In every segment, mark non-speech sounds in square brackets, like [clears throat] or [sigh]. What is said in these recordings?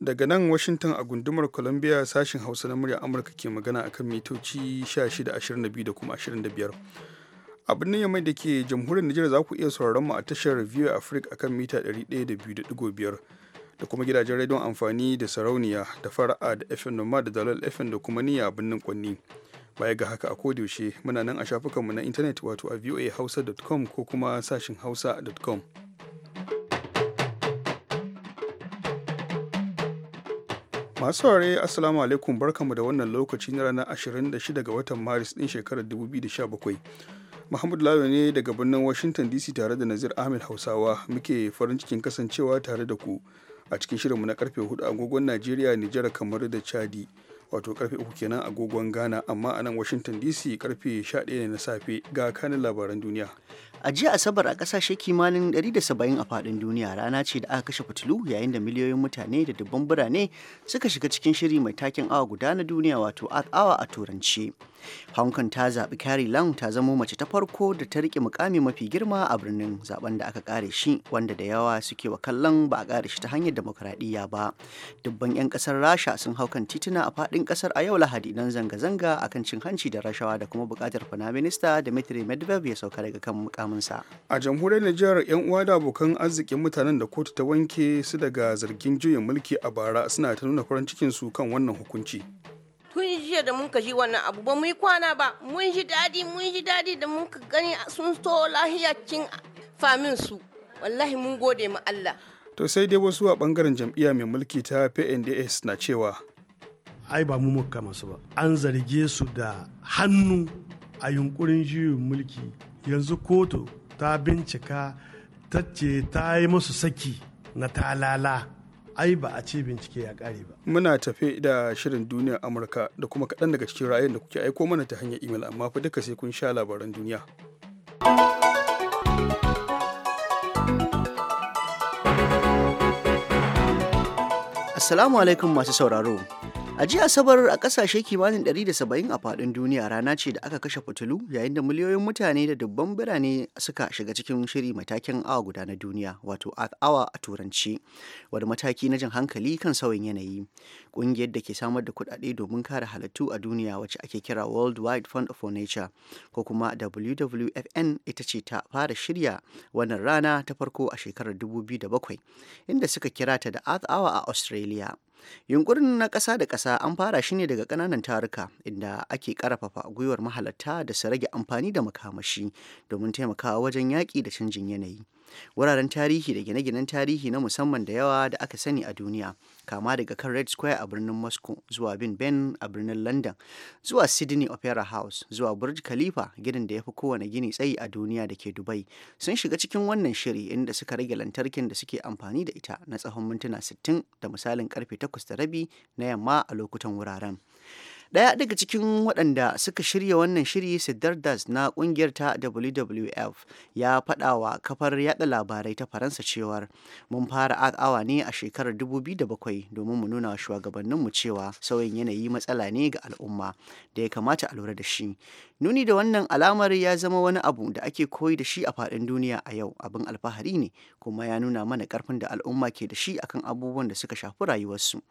daga nan washington a gundumar columbia sashin hausa na murya amurka ke magana akan mitoci 1622 da kuma 25 a birnin yamai da ke jamhuriyar nijar za ku iya sauraron mu a tashar view africa akan mita 102.5 da kuma gidajen rediyon amfani da sarauniya da fara'a da fm noma da dalal fm da kuma niyya birnin kwanni baya ga haka a yaushe muna nan a shafukanmu na intanet wato a voahausa.com ko kuma sashin hausa.com masu saurare assalamu alaikum barkamu da wannan lokaci na ranar 26 ga watan maris din shekarar 2017 Muhammadu Lalo ne daga birnin Washington DC tare da Nazir Ahmed Hausawa muke farin cikin kasancewa tare da ku. a cikin shirinmu na karfe 4 agogon Najeriya, Nijar, kamar da Chadi. Wato karfe 3 kenan agogon Ghana amma a nan Washington DC karfe 11 na safe ga kanin labaran duniya. A jiya Asabar a kasashe kimanin 170 a faɗin duniya rana ce da aka kashe fitilu yayin da miliyoyin mutane da dubban birane suka shiga cikin shiri mai taken awa guda na duniya wato awa a turance. Hong Kong ta zaɓi Carrie Lam ta zamo mace ta farko da ta riƙe mukami mafi girma a birnin zaben da aka kare shi wanda da yawa suke wa kallon ba a ƙare shi ta hanyar demokuraɗiyya ba. Dubban 'yan ƙasar Rasha sun hau kan tituna a faɗin ƙasar a yau Lahadi don zanga-zanga akan cin hanci da rashawa da kuma buƙatar Firaminista Dmitry Medvedev ya sauka daga kan mukami. samunsa a jamhuriyar nijar yan uwa da abokan arzikin mutanen da kotu ta wanke su daga zargin juyin mulki a bara suna ta nuna farin cikin su kan wannan hukunci tun jiya da muka ji wannan abu ba mu yi kwana ba mun ji daɗi mun ji daɗi da muka gani sun so lahiyacin famin su wallahi mun gode ma Allah to sai dai wasu a bangaren jam'iyya mai mulki ta PNDS na cewa ai ba mu muka masu ba an zarge su da hannu a yunkurin juyin mulki yanzu kotu ta bincika ta ce ta yi musu saki na talala ai ba a ce bincike ya kare ba muna tafe da shirin duniya amurka da kuma kaɗan daga cikin ra'ayin da kuke aiko mana ta hanyar imel amma fa duka sai kun sha labaran duniya assalamu alaikum masu sauraro A jiya Asabar a ƙasashe kimanin 170 a faɗin duniya rana ce da aka kashe fitilu yayin da miliyoyin mutane da dubban birane suka shiga cikin shiri matakin awa guda na duniya wato awa a turanci wani mataki na jin hankali kan sauyin yanayi. Ƙungiyar da ke samar da kuɗaɗe domin kare halittu a duniya wacce ake kira World Wide Fund for Nature ko kuma WWFN ita ce ta fara shirya wannan rana ta farko a shekarar 2007 inda suka kira ta da Earth Hour a Australia. yunƙurin na ƙasa da ƙasa ƙasa an fara shi ne daga ƙananan taruka inda ake ƙarfafa gwiwar mahalarta da su rage amfani da makamashi domin taimakawa wajen yaƙi da canjin yanayi. wuraren tarihi da gine-ginen tarihi na musamman da yawa da aka sani a duniya kama daga kan red square a birnin moscow zuwa bin ben a birnin london zuwa sydney opera house zuwa burj khalifa gidan da ya fi kowane gini tsayi a duniya da ke dubai sun shiga cikin wannan shiri inda suka rage lantarkin da suke amfani da ita na tsawon mintuna 60 da misalin karfe 8 da rabi na yamma a lokutan wuraren Ɗaya daga cikin waɗanda suka shirya wannan shiri Sidardas na ƙungiyar ta WWF ya faɗa wa kafar yada labarai ta Faransa cewar mun fara awa ne a shekarar 2007 domin mu nuna shugabanninmu cewa sauyin yanayi matsala ne ga al'umma da ya kamata a lura da shi. Nuni da wannan alamar ya zama wani abu da ake koyi da shi a faɗin duniya a yau abin alfahari ne kuma ya nuna mana ƙarfin da al'umma ke da shi akan abubuwan da suka shafi rayuwarsu.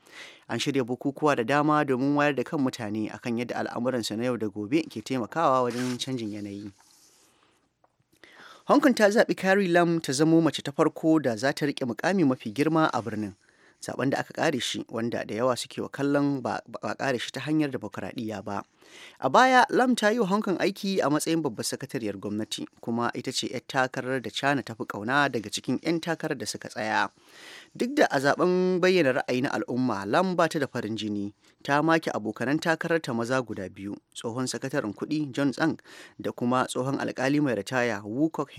An shirya bukukuwa da dama domin wayar da kan mutane akan yadda al'amuransu na yau da gobe ke taimakawa wajen canjin yanayi. Hong Kong ta zaɓi Carrie Lam ta zamo mace ta farko da za ta riƙe mukami mafi girma a birnin. zaben da aka kare shi wanda da yawa suke wa kallon ba kare shi ta hanyar demokuraɗiyya ba a baya lam ta yi wa hankan aiki a matsayin babbar sakatariyar gwamnati kuma ita ce 'yar takarar da china ta fi kauna daga cikin 'yan takarar da suka tsaya duk da a zaben bayyana ra'ayi na al'umma lam ta da farin jini ta maki abokanan ta maza guda biyu tsohon sakataren kudi john tsang da kuma tsohon alkali mai ritaya wu kok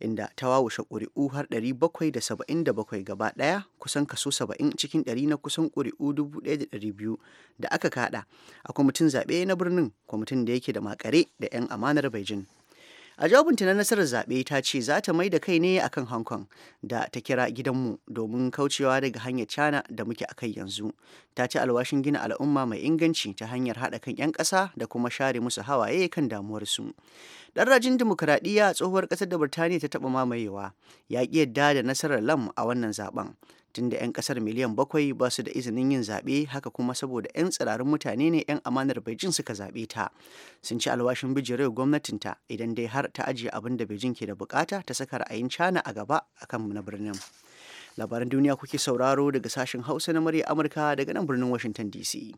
inda ta wawushe ƙuri'u har 777 gaba daya kusan kaso 70 cikin 100 na kusan ƙuri'u 1,200 da aka kada a kwamitin zaɓe na birnin kwamitin da yake da makare da 'yan amanar beijing a jawabinta na nasarar zaɓe ta ce za ta mai da kai ne akan hong kong da ta kira gidanmu domin kaucewa daga hanyar china da muke a kai yanzu ta ci alwashin gina al'umma mai inganci ta hanyar haɗa kan 'yan ƙasa da kuma share musu hawaye kan damuwarsu ɗan rajin dimokuraɗiyya tsohuwar ƙasar da birtaniya ta taɓa mamayewa ya ƙi yadda da nasarar lam a wannan zaɓen. tunda 'yan kasar miliyan bakwai ba su da izinin yin zaɓe haka kuma saboda 'yan tsirarin mutane ne 'yan amanar beijing suka zaɓe ta sun ci alwashin gwamnatin gwamnatinta idan dai har ta ajiye abin da beijing ke da bukata ta saka ra'ayin china a gaba akan na birnin labaran duniya kuke sauraro daga sashen hausa na murya amurka daga nan birnin washington dc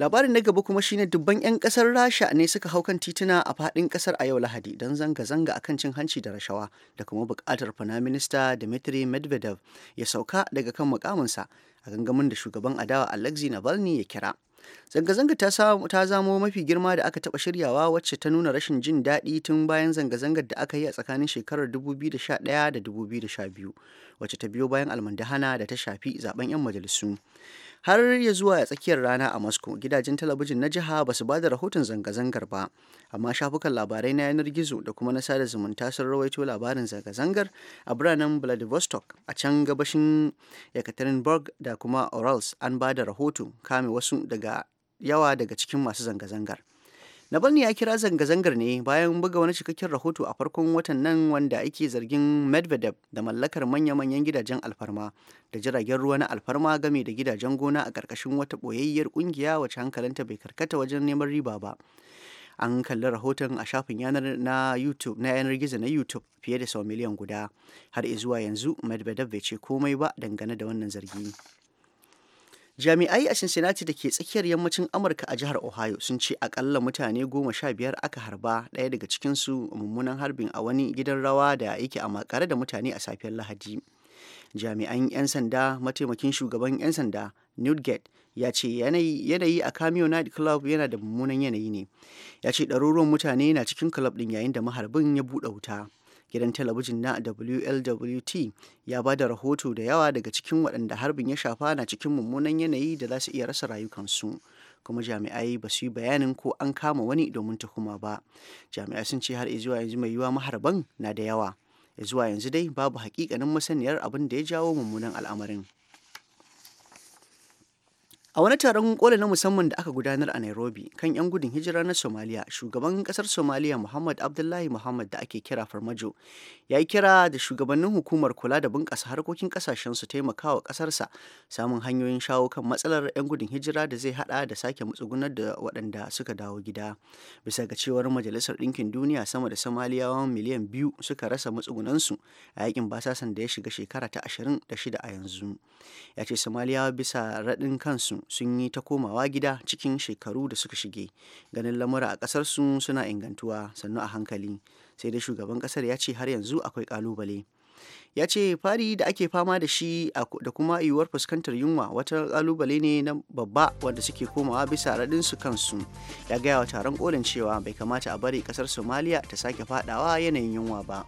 labarin na gaba kuma shine dubban 'yan kasar rasha ne suka hau kan tituna a fadin kasar a yau lahadi don zanga-zanga akan cin hanci da rashawa da kuma bukatar minista dmitry medvedev ya sauka daga kan mukaminsa a gangamin da shugaban adawa alexei navalny ya kira zanga-zanga ta zamo mafi girma da aka taba shiryawa wacce ta nuna rashin jin daɗi tun bayan zanga-zangar da aka yi a tsakanin shekarar 2011 da 2012 wacce ta biyo bayan almandahana da ta shafi zaben 'yan majalisu har ya zuwa ya tsakiyar rana a moscow gidajen talabijin na jiha ba su ba da rahoton zanga-zangar ba amma shafukan labarai na yanar gizo da kuma na sada zumunta sun rawaito labarin zanga-zangar a biranen vladivostok a can gabashin yekaterinburg da kuma orals an ba da rahoto kame wasu daga yawa daga cikin masu zanga-zangar na Navalny ya kira zanga-zangar ne bayan buga wani cikakken rahoto a farkon watan nan wanda ake zargin Medvedev da mallakar manya-manyan gidajen alfarma da jiragen ruwa na alfarma game da gidajen gona a ƙarƙashin wata ɓoyayyiyar ƙungiya wacce hankalinta bai karkata wajen neman riba ba. an kalli rahoton a shafin yanar na YouTube na yanar gizo na YouTube fiye da sau miliyan guda har zuwa yanzu Medvedev bai ce komai ba dangane da wannan zargi. Jami'ai a Cincinnati da ke tsakiyar yammacin Amurka a jihar Ohio sun ce akalla mutane goma sha biyar aka harba ɗaya daga cikinsu mummunan harbin a wani gidan rawa da yake a makare da mutane a safiyar Lahadi. Jami'an 'yan sanda mataimakin shugaban 'yan sanda Newt ya ce yanayi, a Cameo Night Club yana da mummunan yanayi ne. Ya ce ɗaruruwan mutane na cikin club ɗin yayin da maharbin ya buɗe wuta. gidan talabijin na WLWT ya ba da rahoto da yawa daga cikin waɗanda harbin ya shafa na cikin mummunan yanayi da za su iya rasa rayukansu. kuma jami'ai ba su yi bayanin ko an kama wani domin tuhuma ba jami'ai sun ce har zuwa yanzu mai yiwa maharban na da yawa zuwa yanzu dai babu hakikanin masaniyar abin da ya jawo mummunan al'amarin A wani taron koli na musamman da aka gudanar a Nairobi kan 'yan gudun hijira na Somalia, shugaban kasar Somaliya Muhammad Abdullahi Muhammad da ake kira Farmajo ya yi kira da shugabannin hukumar kula da bunƙasa harkokin ƙasashen su taimaka taimakawa ƙasarsa samun hanyoyin shawo kan matsalar 'yan gudun hijira da zai haɗa da sake matsugunar da waɗanda suka dawo gida. Bisa ga cewar Majalisar Ɗinkin Duniya sama da Somaliyawan miliyan biyu suka rasa matsugunansu a yakin basasan da ya shiga shekara ta ashirin da shida a yanzu. Ya ce Somaliyawa bisa raɗin kansu sun yi ta komawa gida cikin shekaru da suka shige ganin lamura a kasar ƙasarsu suna ingantuwa sannu a hankali sai dai shugaban kasar ya ce har yanzu akwai kalubale ya ce fari da ake fama da shi da kuma yiwuwar fuskantar yunwa wata kalubale ne na babba wanda suke komawa bisa su kansu ya gaya wa taron kolin cewa bai kamata a bari kasar somaliya ta sake fadawa yanayin yunwa ba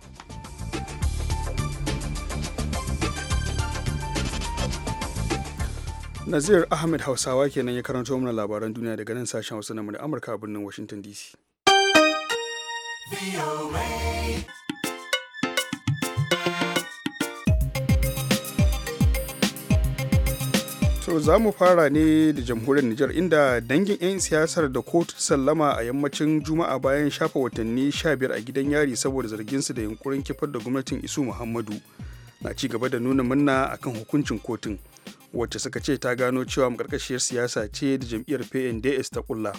Nazir Ahmed Hausawa kenan ya karanto mana labaran duniya daga nan sashen Hausa na Amurka a birnin Washington DC. To za mu fara ne da jamhuriyar Nijar inda dangin 'yan siyasar da kotu sallama a yammacin Juma'a bayan shafa watanni 15 a gidan yari saboda zarginsu da yunkurin kifar da gwamnatin Isu Muhammadu na ci gaba da nuna murna akan hukuncin kotun. wacce suka ce ta gano cewa makarkashiyar siyasa ce da jam'iyyar pnds ta kulla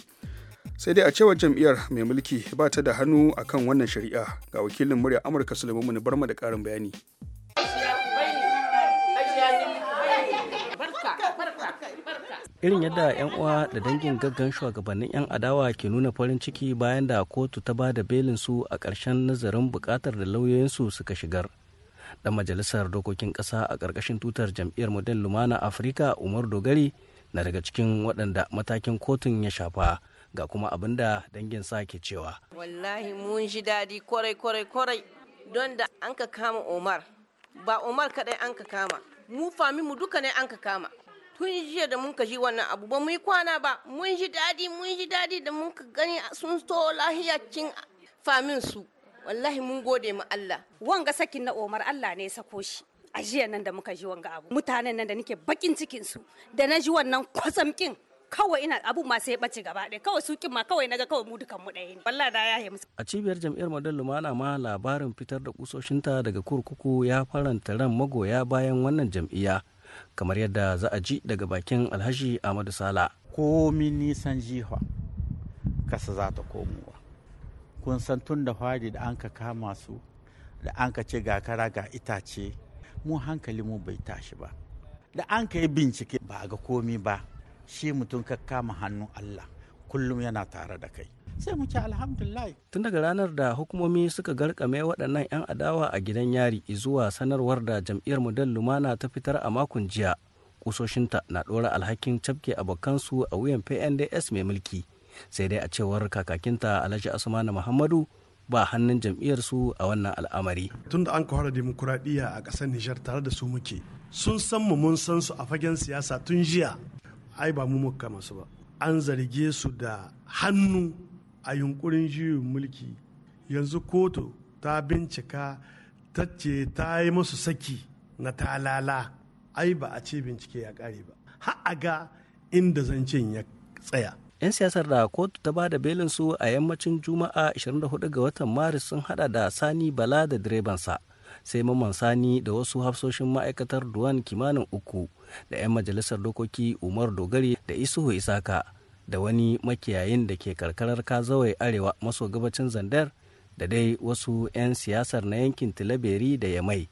sai dai a cewar jam'iyyar mai mulki ba ta da hannu a kan wannan shari'a ga wakilin murya amurka suleiman barma da karin bayani irin yadda 'yan uwa da dangin gaggan shugabannin 'yan adawa ke nuna farin ciki bayan da kotu ta ba da belin su a ƙarshen nazarin bukatar da lauyoyinsu suka shigar dan majalisar dokokin ƙasa a ƙarƙashin tutar jam'iyyar model lumana afirka umar dogari na daga cikin waɗanda matakin kotun ya shafa ga kuma abin da dangin sa ke cewa wallahi mun ji daɗi kwarai kwarai kwarai don da an ka kama umar ba umar kaɗai an ka kama mu fami mu duka ne an ka kama tun jiya da mun ka ji wannan abu ba mu yi kwana ba mun ji daɗi mun ji daɗi da mun ka gani sun to lahiyacin famin su wallahi mun gode mu Allah wanga sakin na Omar Allah ne ya sako shi a jiya nan da muka ji wanga abu mutanen nan da nake bakin cikin su da na ji wannan kwatsam kin kawai ina abu ma sai bace gaba ɗaya kawai su ma kawai naga kawai mu dukan mu ɗaya ne wallahi da ya musu a cibiyar jam'iyyar Madal Lumana ma labarin fitar da kusoshinta daga kurkuku ya faranta ran magoya bayan wannan jam'iyya kamar yadda za a ji daga bakin Alhaji Ahmadu Sala komi nisan jiha kasa za ta komo kun san tun da hwari da an ka kama su da an ka ce ga kara ga itace mu hankali mu bai tashi ba da an ka yi bincike ba ga komi ba shi mutum ka kama hannun Allah kullum yana tare da kai sai mu ce alhamdulillah tun daga ranar da hukumomi suka garkame waɗannan 'yan adawa a gidan yari zuwa sanarwar da jam'iyyar dan lumana ta fitar a makon jiya kusoshinta na ɗora alhakin cafke abokansu a wuyan pnds mai mulki sai dai a cewar kakakinta alhaji asmanu muhammadu ba hannun jam'iyyarsu a wannan al'amari tunda an ka dimokuraɗiyya a ƙasar nijar tare da su muke sun san mu mun san su a fagen siyasa tun jiya ai ba mu muka masu ba an zarge su da hannu a yunkurin juyin mulki yanzu kotu ta bincika ta ce ta yi musu saki na talala ai ba a ce bincike ya ƙare ba har a ga inda zancen ya tsaya 'yan siyasar da kotu ta ba da belinsu a yammacin juma'a 24 ga watan maris sun hada da sani bala da direbansa sai maman sani da wasu hafsoshin ma'aikatar duwan kimanin uku da 'yan majalisar dokoki umar dogari da isuhu isaka da wani makiyayin da ke karkarar kazawai arewa maso gabacin zandar da dai wasu 'yan siyasar na yankin tilaberi da yamai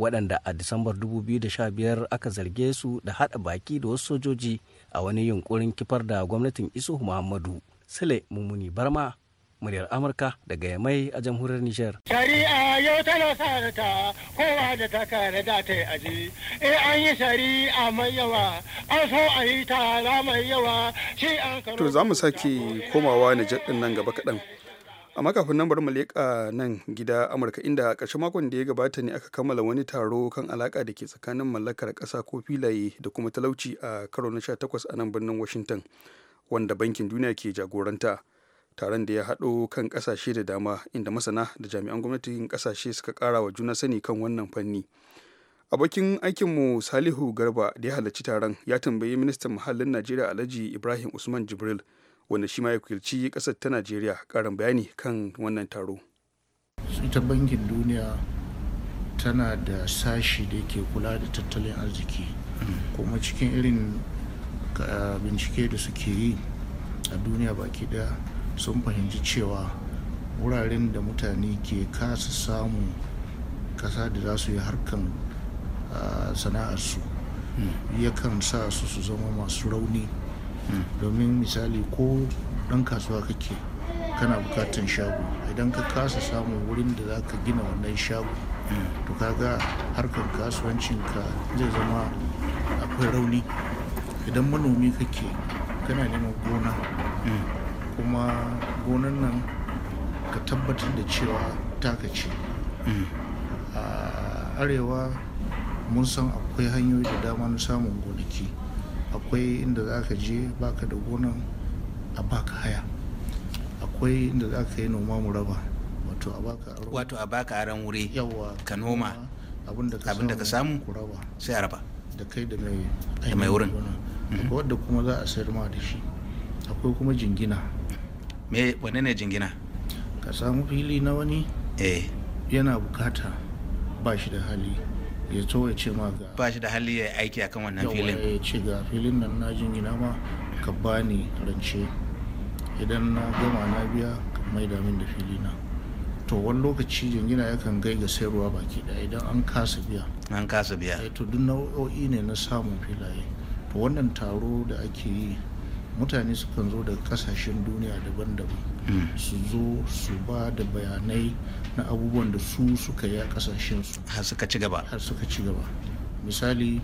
waɗanda a disambar 2015 aka zarge su da haɗa baki da wasu sojoji a wani yunkurin kifar da gwamnatin Isu Muhammadu. Sule mummuni Barma muryar Amurka daga Yamai a jamhuriyar Nijar. Shari'a yau tana sa ta kowa da ta kare da ta aji. Eh an yi shari'a mai yawa, an so a yi tara mai yawa, shi an karo. To za mu sake komawa Nijar ɗin nan gaba kaɗan. a makafin nan bari mu leƙa nan gida amurka inda ƙarshen makon da ya gabata ne aka kammala wani taro kan alaƙa da ke tsakanin mallakar ƙasa ko filaye da kuma talauci a karo na 18 a nan birnin washington wanda bankin duniya ke jagoranta taron da ya haɗo kan ƙasashe da dama inda masana da jami'an gwamnatin ƙasashe suka ƙara wa juna sani kan wannan fanni abokin aikinmu salihu garba da ya halarci taron ya tambayi ministan muhallin najeriya alhaji ibrahim usman jibril wanda shi ma ya wakilci kasar ta najeriya karin bayani kan wannan taro ita bankin duniya tana da sashi da ke kula da tattalin arziki kuma cikin irin ah, bincike da suke yi a duniya baki daya sun fahimci cewa wuraren da mutane ke kasa samu kasa da za su yi harkan ah, sana'arsu hmm. yakan sa su su zama masu rauni domin misali ko ɗan kasuwa kake kana bukatan shago idan ka kasa samun wurin da za ka gina wannan shago to kaga harkar kasuwancinka zai zama akwai rauni idan manomi kake kana neman gona kuma gonan nan ka tabbatar da cewa taka ce a arewa mun san akwai hanyoyi da dama na samun gonaki akwai inda za ka je baka da gonan a baka haya akwai inda za ka yi noma mu raba wato a baka wato a baka aran wuri yawa ka noma abin da ka samu sai a raba da kai da mai mai wurin mm-hmm. akwai wadda kuma za a sayar ma da shi akwai kuma jingina me wane ne jingina ka samu fili na wani eh yana bukata ba shi da hali ya zo ya ce ma ga ba shi da hali ya aiki akan wannan filin ya ce ga filin nan na gina ma ka bani rance idan na gama na biya ka mai da min da filina to wani lokaci jingina kan gai ga sayarwa baki da idan an kasa biya an kasa biya eh, to duk nau'o'i ne na samun filaye to wannan taro da ake yi mutane sukan zo daga kasashen duniya daban-daban hmm. su zo su ba da bayanai na abubuwan da su suka yi a kasashen su har suka ci gaba har suka ci gaba misali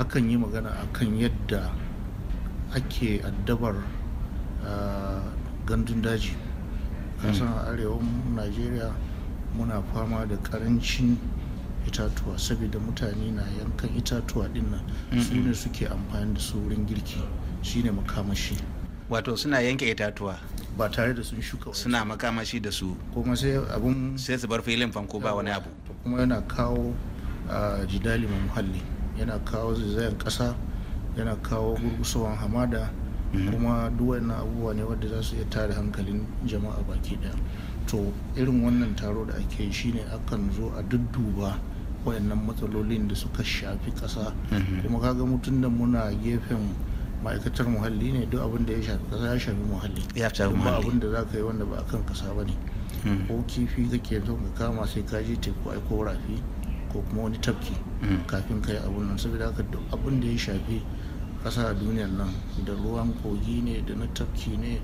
akan yi magana akan yadda ake addabar gandun daji kasan hmm. arewa najeriya muna fama da karancin itatuwa saboda mutane na yankan itatuwa dinnan su ne suke amfani da su wurin girki shine makamashi wato suna yanke itatuwa ba tare da sun shuka suna makamashi da su kuma sai abun sai su bar filin fanko ba wani abu kuma yana kawo jidali mai muhalli yana kawo zaizayen kasa yana kawo gurgusawan hamada mm-hmm. kuma na abubuwa ne wadda za su iya tare hankalin jama'a baki daya to irin wannan taro da ake yi shine akan zo a dudduba wayannan matsalolin da suka shafi ƙasa mm-hmm. kuma kaga mutum da muna gefen ma'aikatar muhalli ne duk abin da ya shafi ƙasa ya shafi muhalli ya shafi muhalli abin da za ka yi wanda ba a kan ƙasa ba ne mm-hmm. ko kifi ka ke zo ka kama sai ka je teku ai ko rafi ko kuma wani tafki mm-hmm. kafin ka yi abun nan saboda haka duk abin da ya shafi ƙasa a duniyar nan da ruwan kogi ne da na tafki ne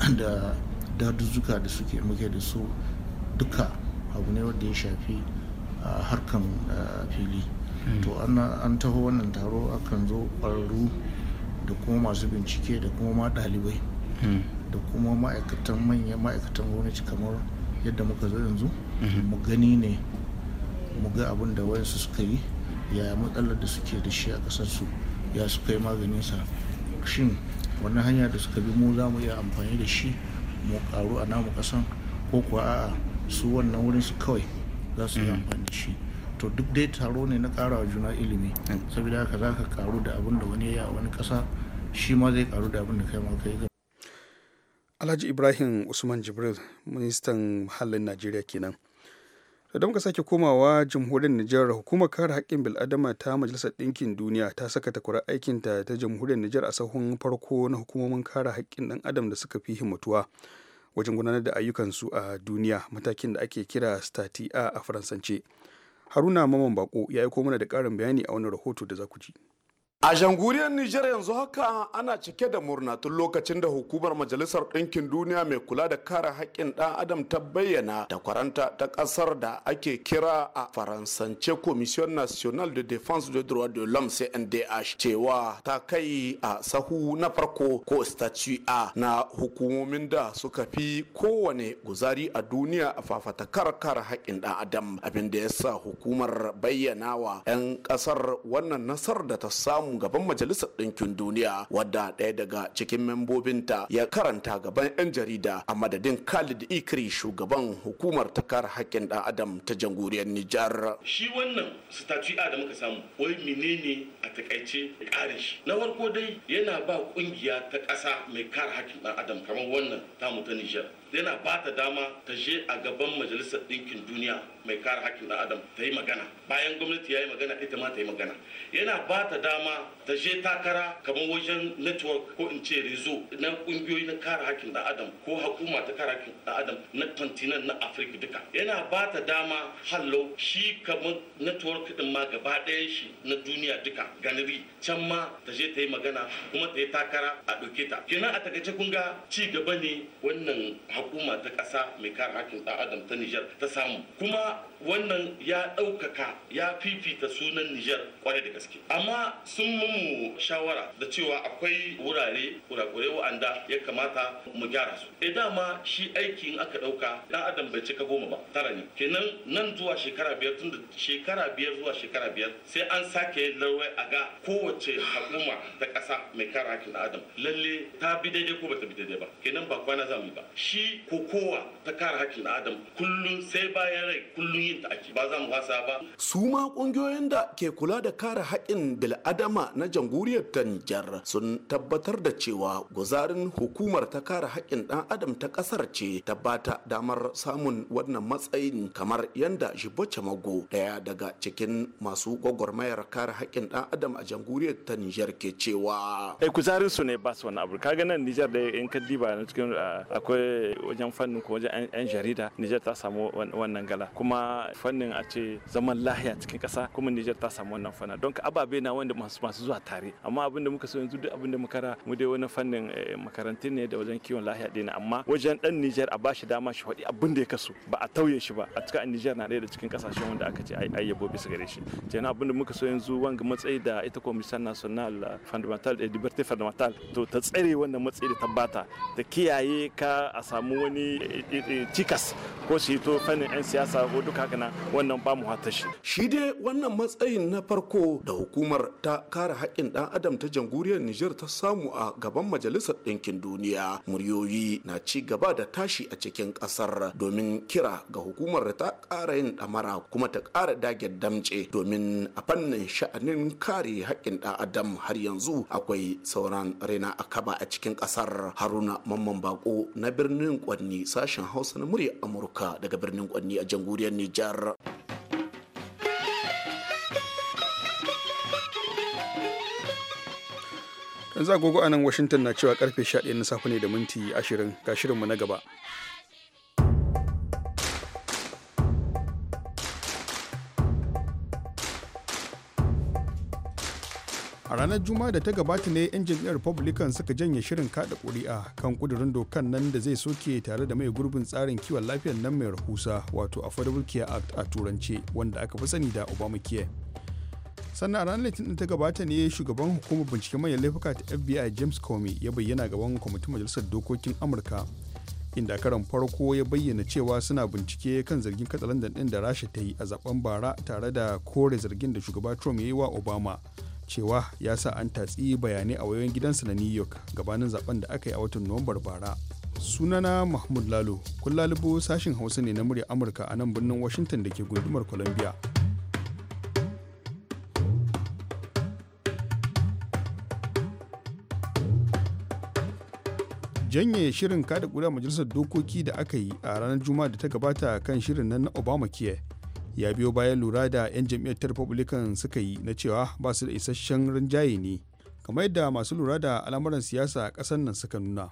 [clears throat] da dazuzzuka da suke muke da su duka abu ne wanda ya shafi harkan fili hmm. to an taho wannan taro akan zo ƙwararru da kuma masu bincike da kuma ma ɗalibai hmm. da kuma ma'aikatan manyan ma'aikatan gwamnati kamar yadda muka zo yanzu hmm. mu gani ne mu ga abin da wayansu suka yi yaya matsalar da suke da shi a su ya suka maganin sa shin wani hanya da suka bi mu za mu iya amfani da shi mu karu a namu ƙasan ko kuwa a'a su wannan wurin su kawai za su yi mm. amfani shi to duk dai taro ne na karawa juna ilimi mm. saboda haka za ka karu da abin da wani ya wani kasa shi ma zai karu da abin da kai ma kai alhaji ibrahim usman jibril ministan muhallin najeriya kenan da muka sake komawa jamhuriyar nijar hukumar kare haƙƙin bil'adama ta majalisar ɗinkin duniya ta saka takwarar aikinta ta jamhuriyar nijar a sahun farko na hukumomin kare haƙƙin ɗan adam da suka fi himmatuwa wajen gudanar da ayyukansu a duniya matakin da ake kira stati a a faransance haruna maman bako ya yi mana da ƙarin bayani a wani rahoto da za ku ji A janguriyar Nijar yanzu haka ana cike da murna tun lokacin da hukumar Majalisar Ɗinkin Duniya mai kula da kare haƙƙin ɗan adam ta bayyana da kwaranta ta ƙasar da ake kira a Faransance Commission national de Défense des Droits de l'Homme CNDH cewa ta kai a sahu na farko ko statue A na hukumomin da suka fi kowane guzari a duniya a fafatakar kare haƙƙin ɗan adam abin da ya sa hukumar bayyanawa 'yan ƙasar wannan nasar da ta samu samun gaban majalisar ɗinkin duniya wadda ɗaya daga cikin membobinta ya karanta gaban 'yan jarida a madadin khalid ikri shugaban hukumar ta kare haƙƙin ɗan adam ta jamhuriyar nijar shi wannan a da muka samu wai menene a takaice ƙarin shi na farko dai yana ba ƙungiya ta ƙasa mai kare haƙƙin ɗan adam kamar wannan tamu ta nijar yana ba ta dama ta je a gaban majalisar ɗinkin duniya mai kare hakkin ɗan adam ta yi magana bayan gwamnati ya yi magana ita ma ta yi magana yana ba ta dama ta je takara kamar wajen network ko in ce rezo na kungiyoyi na kare hakkin da adam ko hukuma ta kare hakkin da adam na kontinent na afirka duka yana ba ta dama hallo shi kamar network din ma gaba ɗayan shi na duniya duka ganiri can ma ta je ta yi magana kuma ta yi takara a ɗauke ta kenan a takaice kun ga ci gaba ne wannan hukuma ta ƙasa mai kare hakkin da adam ta Nijar ta samu kuma wannan ya ɗaukaka ya fifita sunan Nijar kwarai da gaske. Amma sun mamu shawara da cewa akwai wurare kurakure wa'anda ya kamata mu gyara su. E dama shi aikin aka ɗauka ɗan adam bai cika goma ba tara ne. Kenan nan zuwa shekara biyar tun da shekara biyar zuwa shekara biyar sai an sake yin larwai a ga kowace hakuma ta ƙasa mai kare hakkin adam lalle ta bi daidai ko bata bi daidai ba kenan ba kwana za yi ba. Shi kokowa ta kare hakkin adam kullum sai bayan rai kullum yin ta su ma kungiyoyin da ke kula da kare haƙƙin bil'adama na jamhuriyar ta nijar sun tabbatar da cewa guzarin hukumar ta kare haƙƙin ɗan adam ta ƙasar ce ta bata damar samun wannan matsayin kamar yadda jiboce mago daya daga cikin masu gwagwarmayar kare haƙƙin ɗan adam a jamhuriyar ta nijar ke cewa. ai eh, kuzarin su ne ba su wani abu kaga nan nijar da in ka diba na cikin ah, akwai wajen fannin ko wajen 'yan jarida nijar ta samu wannan gala kuma fannin a ce zaman lahiya cikin kasa kuma Nijar ta samu wannan fannin don ababe na wanda masu masu zuwa tare amma abinda muka so yanzu duk abinda muka mu dai wani fannin eh, makarantu ne da wajen kiwon lahiya ɗin amma wajen dan Nijar a bashi dama shi faɗi abinda da ya kaso ba a tauye shi ba a cikin Nijar na ɗaya da cikin kasashen wanda aka ce ai yabo bisa gare shi kenan abin muka so yanzu wanga matsayi da ita Commission National eh, Fundamental et Liberté Fundamental to ta tsare wannan matsayi da tabbata ta kiyaye ka a samu wani eh, cikas ko shi to fannin 'yan siyasa ko duka haka wannan ba mu shi shi dai wannan matsayin na farko da hukumar ta kare haƙƙin ɗan adam ta jamhuriyar niger ta samu a gaban majalisar ɗinkin duniya muryoyi na ci gaba da tashi a cikin ƙasar domin kira ga hukumar ta ƙara yin ɗamara kuma ta ƙara dage damce domin a fannin sha'anin kare haƙƙin ɗan adam har yanzu akwai sauran rena akaba a cikin ƙasar haruna mamman bako na birnin kwanni sashen hausa na murya amurka daga birnin kwanni a jamhuriyar niger. Nijar. Yanzu agogo a nan Washington na cewa karfe 11 na safe ne da minti 20 ga shirinmu na gaba. a ranar juma'a da ta gabata ne 'yan jam'iyyar republican suka janye shirin kada kuri'a kan kudurin dokan nan da zai soke tare da mai gurbin tsarin kiwon lafiyar nan mai rahusa wato affordable care act a turance wanda aka fi sani da obamacare sannan a ranar litinin ta gabata ne shugaban hukumar bincike manyan laifuka ta fbi james comey ya bayyana gaban kwamitin majalisar dokokin amurka inda karan farko ya bayyana cewa suna bincike kan zargin katsalandan din da rasha ta yi a zaben bara tare da kore zargin da shugaba trump ya yi wa obama cewa ya sa an tatsi bayanai a wayoyin gidansa na new york gabanin zaben da aka yi a watan nuwambar bara sunana mahmud lalo kun lalubo sashin hausa ne na murya amurka a nan birnin washington da ke gundumar columbia janye shirin kada a majalisar dokoki da aka yi a ranar juma'a da ta gabata kan shirin nan na obamacare ya biyo bayan lura da 'yan jam'iyyar ta republican suka yi na cewa ba su da isasshen rinjaye ne kamar yadda masu lura da al'amuran siyasa a ƙasar nan suka nuna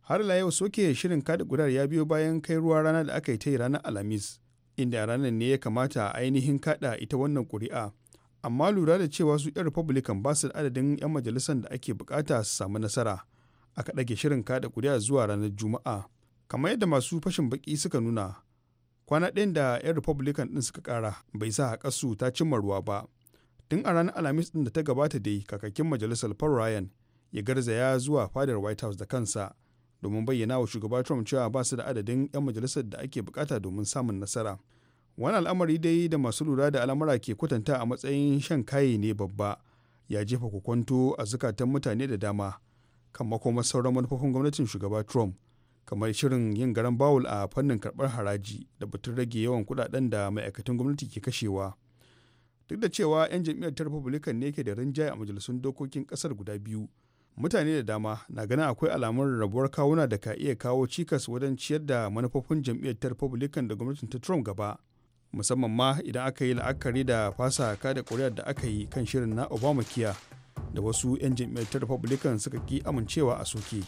har la yau soke shirin kada gudar ya biyo bayan kai ruwa rana da aka yi ta ranar alhamis inda ranar ne ya kamata ainihin kada ita wannan kuri'a amma lura da cewa su 'yan republican ba su da adadin 'yan majalisar da ake bukata su samu nasara aka ɗage shirin kada ƙuri'a zuwa ranar juma'a kamar yadda masu fashin baki suka nuna kwana ɗin da 'yan republican ɗin suka kara bai sa su ta cimma ruwa ba tun a ranar alhamis ɗin da ta gabata dai kakakin majalisar paul ryan ya garzaya zuwa fadar white house da kansa domin bayyana wa shugaba trump cewa ba su da adadin 'yan majalisar da ake bukata domin samun nasara wani al'amari dai da masu lura da al'amura ke kwatanta a matsayin shan kaye ne babba ya jefa kwanto a zukatan mutane da dama kan makomar sauran manufofin gwamnatin shugaba trump kamar shirin yin garan bawul a fannin karbar haraji da batun rage yawan kudaden da ma'aikatan gwamnati ke kashewa duk da cewa 'yan jam'iyyar ta republican ne ke da rinjaye a majalisun dokokin kasar guda biyu mutane da dama na ganin akwai alamun rabuwar kawuna da ka iya kawo cikas wajen ciyar da manufofin jam'iyyar ta republican da gwamnatin ta trump gaba musamman ma idan aka yi la'akari da fasa kada kuri'ar da aka yi kan shirin na obamacare da wasu 'yan jam'iyyar ta republican suka ki amincewa a soke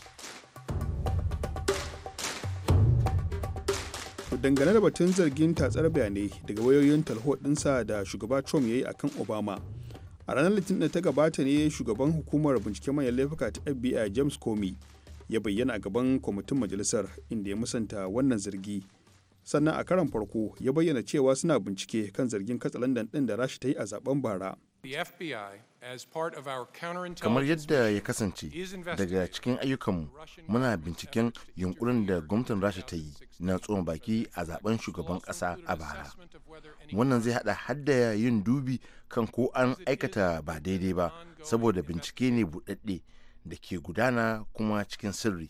dangane da batun zargin tatsar bayanai daga wayoyin talho ɗinsa da shugaba trump ya yi a kan obama a ranar litinin da ta gabata ne shugaban hukumar bincike manyan laifuka ta fbi james comey ya bayyana a gaban kwamitin majalisar inda ya musanta wannan zargi sannan a karan farko ya bayyana cewa suna bincike kan zargin katsalandan ɗin da rashi ta yi a zaben bara the fbi kamar yadda ya kasance daga cikin ayyukanmu muna binciken yunkurin da gwamnatin rasha ta yi na tsohon baki a zaben shugaban kasa a bara wannan zai hada hadda yin dubi kan ko an aikata ba daidai ba saboda bincike ne buɗaɗɗe da ke gudana kuma cikin sirri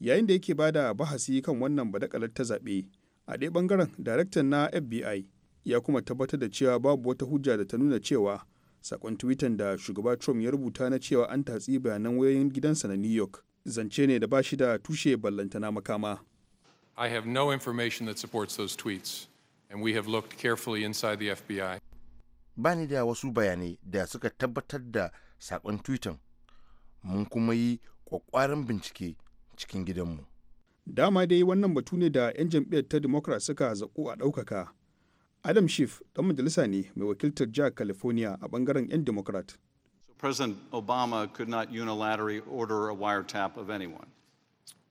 yayin da yake bada bahasi kan wannan badakalar ta zaɓe a ɗaya bangaren daraktan na fbi ya kuma tabbatar da cewa babu wata hujja da ta nuna cewa sakon twitter da shugaba trump ya rubuta na cewa an tatsi bayanan wayoyin gidansa na new york zance ne da ba shi da tushe ballantana makama i have no information that supports those tweets and we have looked carefully inside the fbi ba da wasu bayanai da suka tabbatar da sakon twitter mun kuma yi kwakwaran bincike cikin gidanmu dama dai wannan batu ne da 'yan jam'iyyar ta democrat suka zaƙo a ɗaukaka Adam Schiff ɗan majalisa ne mai wakiltar jihar California a bangaren 'yan Democrat. President Obama could not unilaterally order a wiretap of anyone.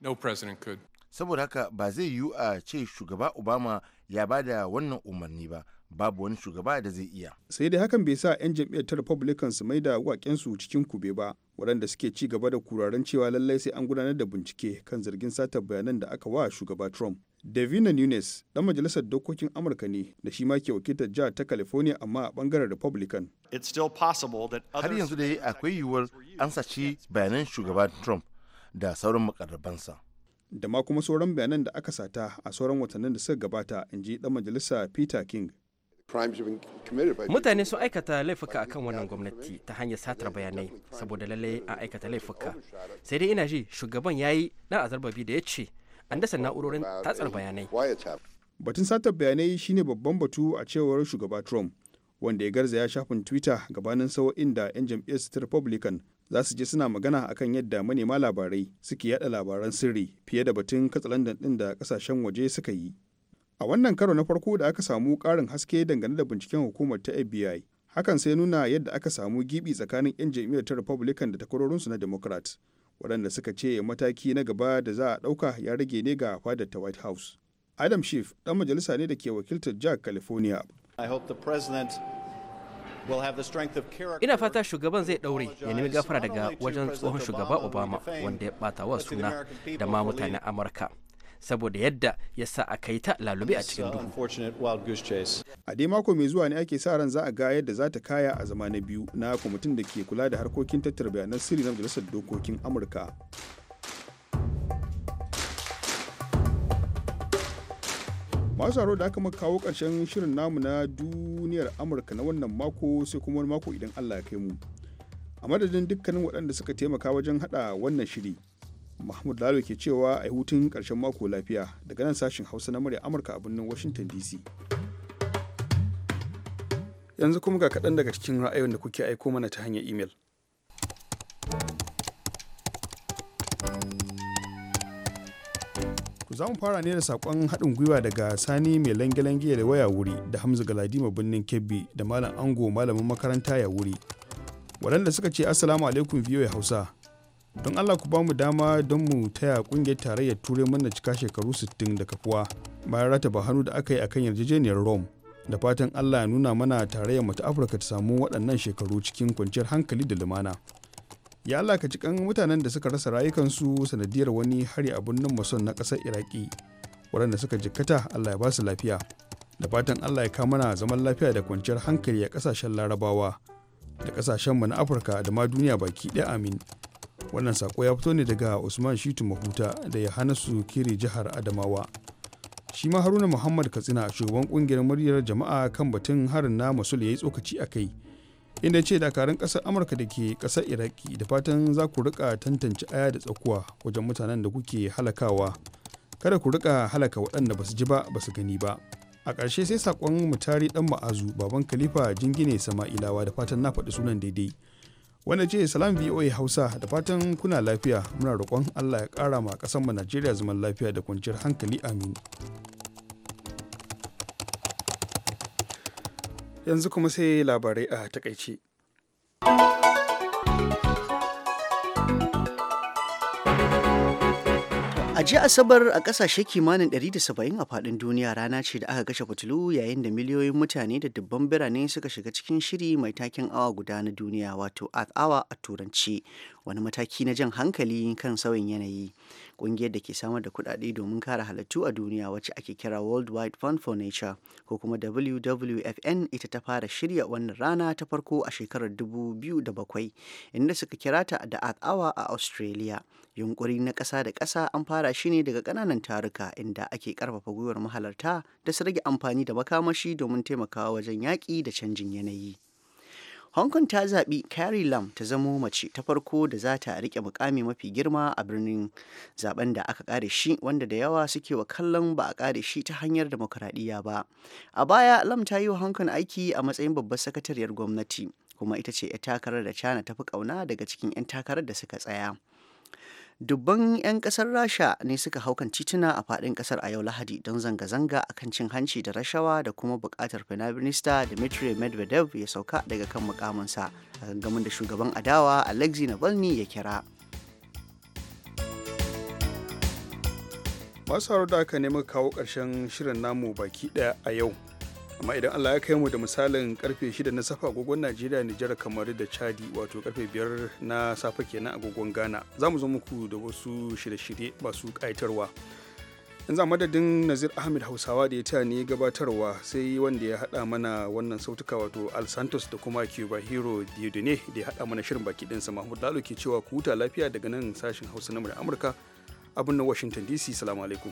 No president could. Saboda haka ba zai yiwu a ce shugaba Obama ya ba da wannan umarni ba, babu wani shugaba da zai iya. Sai dai hakan bai sa 'yan jam'iyyar ta Republican mai da waƙensu cikin kube ba, waɗanda suke ci gaba da kuraren cewa lallai sai an gudanar da bincike kan zargin sata bayanan da aka wa shugaba Trump. Davina Nunes ɗan majalisar dokokin Amurka ne da shi ma ke wakiltar jihar ta California amma a ɓangaren Republican. Har yanzu da dai akwai yiwuwar an saci bayanan shugaban Trump da sauran makarrabansa. Da ma kuma sauran bayanan da aka sata a sauran watannin da suka gabata in ji ɗan majalisa Peter King. Mutane sun aikata laifuka akan wannan gwamnati ta hanyar satar bayanai saboda lallai a aikata laifuka. Sai dai ina ji shugaban ya yi ɗan azarbabi da ya ce an dasa na'urorin tatsar bayanai batun satar bayanai shine babban batu a cewar shugaba trump wanda ya garzaya shafin twitter gabanin sawa'in da 'yan jam'iyyar ta republican za su je suna magana akan yadda manema labarai suke yada labaran sirri fiye da batun katsalandan din da kasashen waje suka yi a wannan karo na farko da aka samu karin haske dangane da binciken hukumar ta fbi hakan sai nuna yadda aka samu gibi tsakanin 'yan jam'iyyar ta republican da takwarorinsu na democrats waɗanda suka ce mataki na gaba da za a ɗauka ya rage ne ga fadar ta white house adam schiff ɗan majalisa ne da ke wakiltar jack california Ina fata shugaban zai ɗaure ya nemi gafara daga wajen tsohon shugaba Obama wanda ya ɓata wa suna da ma mutanen Amurka. saboda yadda ya sa a yi ta lalube a cikin duhu. A dai mako mai zuwa ne ake sa ran za a ga yadda za ta kaya a zama na biyu na kwamitin da ke kula da harkokin tattara bayanan sirri na majalisar dokokin Amurka. masu haro da aka maka kawo ƙarshen shirin namu na duniyar amurka na wannan mako sai kuma wani mako idan allah ya kai mu a madadin dukkanin waɗanda suka taimaka wajen haɗa wannan shiri mahmud lalo ke cewa a hutun karshen mako lafiya daga nan sashen hausa na murya amurka a birnin washington dc yanzu kuma ga kaɗan daga cikin ra'ayoyin da kuke aiko mana ta hanyar imel za mu fara ne da sakon haɗin gwiwa daga sani mai lange da waya wuri da hamza galadima birnin kebbi da malam ango malamin makaranta ya wuri waɗanda suka ce assalamu alaikum ya hausa don allah ku ba mu dama don mu taya kungiyar tarayyar turai mana cika shekaru 60 da kafuwa bayan rataba hannu da aka yi a kan yarjejeniyar rome da fatan allah ya nuna mana tarayyar mata afirka ta samu waɗannan shekaru cikin kwanciyar hankali da lumana ya allah ka cikan mutanen da suka rasa rayukansu sanadiyar wani hari a birnin mason na ƙasar iraki waɗanda suka jikkata allah ya ba su lafiya da fatan allah ya kama mana zaman lafiya da kwanciyar hankali a ƙasashen larabawa da ƙasashen mu na afirka da ma duniya baki ɗaya amin wannan sako ya fito ne daga usman shitu mahuta da su kiri jihar adamawa shi ma haruna muhammad katsina shugaban kungiyar muryar jama'a kan batun harin na masul ya yi tsokaci a kai inda ce dakarun kasar amurka da ke kasar iraki da fatan za ku rika tantance aya da tsakuwa wajen mutanen da kuke halakawa kada ku rika halaka waɗanda ba su ji ba ba su gani ba a ƙarshe sai saƙon mutari dan ma'azu baban kalifa jingine sama'ilawa da fatan na faɗi sunan daidai wanda ce salam voa hausa da fatan kuna lafiya muna roƙon allah ya ƙara ma ƙasarmu najeriya zaman lafiya da kwanciyar hankali amin yanzu kuma sai labarai a takaice. A jiya Asabar a ƙasashe kimanin 170 a faɗin duniya rana ce da aka kashe fitilu yayin da miliyoyin mutane da dubban birane suka shiga cikin shiri mai taken awa guda na duniya wato Earth Hour a turanci wani mataki na jan hankali kan sauyin yanayi ƙungiyar da ke samar da kuɗaɗe domin kare halittu a duniya wacce ake kira world wide fund for nature ko kuma wwfn ita ta fara shirya wannan rana ta farko a shekarar 2007 inda suka kira ta da earth hour a australia yunkuri na ƙasa da ƙasa an fara shi ne daga ƙananan taruka inda ake ƙarfafa gwiwar mahalarta da su rage amfani da makamashi domin taimakawa wajen yaƙi da canjin yanayi. Hong Kong ta zaɓi Carrie Lam ta zamo mace ta farko da za ta riƙe mukami mafi girma a birnin zaben da aka kare shi wanda da yawa suke wa kallon ba a kare shi ta hanyar demokuraɗiyya ba. A baya Lam ta yi wa Hong Kong aiki a matsayin babbar sakatariyar gwamnati kuma ita ce 'yan takarar da China ta fi ƙauna daga cikin 'yan takarar da suka tsaya. dubban 'yan kasar rasha ne suka haukan tituna a fadin kasar a yau lahadi don zanga-zanga a kan cin hanci da rashawa da kuma bukatar minista dmitry medvedev ya sauka daga kan mukaminsa a gangamin da shugaban adawa alexei navalny ya kira masu da aka nemi kawo ƙarshen shirin namu baki ɗaya a yau amma idan allah ya kai mu da misalin karfe 6 na safa agogon najeriya nijar kamar da chadi wato karfe 5 na safa kenan agogon ghana za mu zo muku da wasu shirye-shirye masu kaitarwa yanzu a madadin nazir ahmed hausawa da ya ta ne gabatarwa sai wanda ya haɗa mana wannan sautuka wato al santos da kuma cuba hero diodone da ya haɗa mana shirin baki ɗinsa mahmud lalo ke cewa ku huta lafiya daga nan sashen hausa na amurka abin na washington dc salamu alaikum